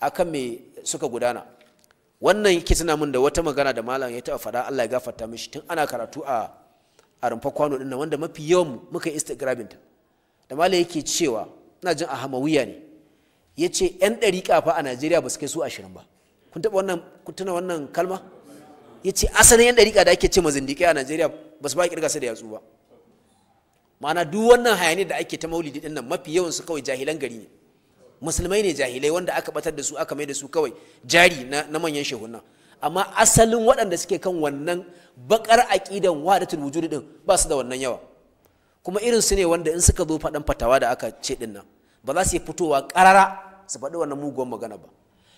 a kan me suka gudana wannan yake tuna min da wata magana da malam ya taɓa faɗa Allah ya gafarta mishi tun ana karatu a a rumfa kwano ɗin wanda mafi yawan muka yi instagramin ta da malam yake cewa ina jin a hamawiya ne ya ce 'yan ɗari fa a najeriya ba su kai su ashirin ba kun taɓa wannan kun tuna wannan kalma ya ce asalin 'yan ɗari da ake ce mazindiƙai a najeriya ba su ba ƙirga su da yatsu ba ma'ana duk wannan hayani da ake ta maulidi ɗin mafi yawan su kawai jahilan gari ne musulmai ne jahilai wanda aka batar da su aka mai da su kawai jari na, manyan shehunan amma asalin waɗanda suke kan wannan bakar aƙidan wadatul wujud din ba su da wannan yawa kuma irin su ne wanda in suka zo faɗan fatawa da aka ce din nan ba za su yi fitowa ƙarara su faɗi wannan muguwan magana ba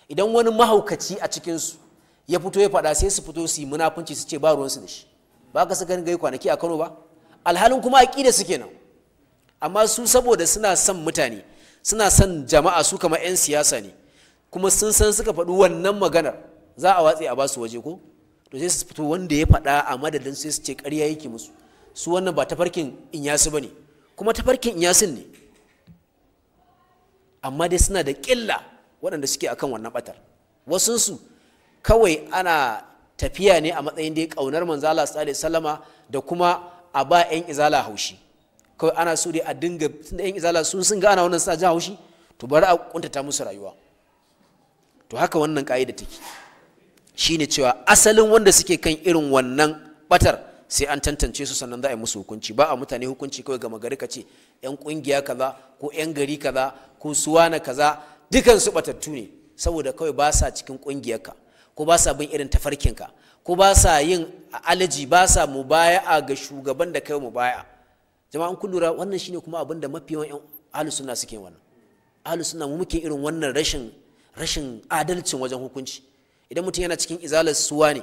idan wani mahaukaci a cikin su ya fito ya faɗa sai su fito su yi munafunci su ce ba ruwan su da shi ba ka suka gai kwanaki a kano ba alhalin kuma aƙida suke nan amma su saboda suna son mutane suna son jama'a su kama 'yan siyasa ne kuma sun san suka faɗi wannan maganar za a watse a ba su waje ko to sai su fito wanda ya faɗa a madadin sai su ce ƙarya yake musu su wannan ba tafarkin inyasu ba ne kuma tafarkin inyasin ne amma dai suna da ƙilla waɗanda suke akan wannan ɓatar wasunsu kawai ana tafiya ne a matsayin dai ƙaunar manzala sallama da kuma a ba 'yan izala haushi kawai ana so dai a dinga tunda yan izala sun sun ga ana wannan sa ja haushi to bari a kuntata musu rayuwa to haka wannan ka'ida take shine cewa asalin wanda suke kan irin wannan batar sai an tantance su sannan za a yi musu hukunci ba a mutane hukunci kawai gama gari ka ce yan kungiya kaza ko yan gari kaza ko suwana kaza dukan su batattu ne saboda kawai ba sa cikin ka ko ba sa bin irin tafarkin ka ko ba sa yin alaji ba sa mubaya'a ga shugaban da kai mubaya'a jama'an kun lura wannan shine kuma abinda mafi yawan yan ahlus sunna suke wannan ahlus sunna mu muke irin wannan rashin rashin adalcin wajen hukunci idan mutum yana cikin izalar suwa ne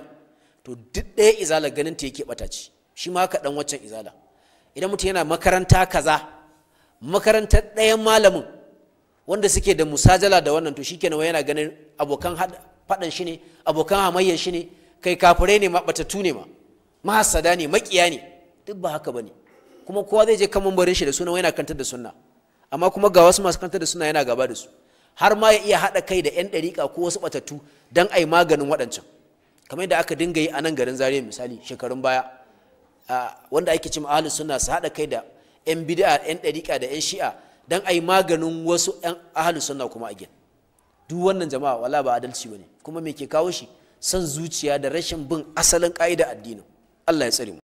to duk ɗaya izalar ganin ta yake ɓataci ci shi ma haka ɗan waccan izala idan mutum yana makaranta kaza makarantar ɗayan malamin wanda suke da musajala da wannan to shikenan yana ganin abokan faɗan shi ne abokan hamayyar shi ne kai kafirai ne ma ɓatattu ne ma mahasada ne maƙiya ne duk ba haka ba ne kuma kowa zai je kan mambarin shi da suna yana kantar da sunna amma kuma ga wasu masu kantar da sunna yana gaba da su har ma ya iya haɗa kai da 'yan ɗariƙa ko wasu ɓatattu don a yi maganin waɗancan kamar yadda aka dinga yi a nan garin zariya misali shekarun baya wanda ake cewa ahlus sunna su haɗa kai da 'yan bid'a 'yan ɗariƙa da 'yan shi'a don a yi maganin wasu 'yan ahlus sunna kuma a gin duk wannan jama'a wala ba adalci bane kuma me ke kawo shi son zuciya da rashin bin asalin ƙa'ida addinin Allah ya tsare mu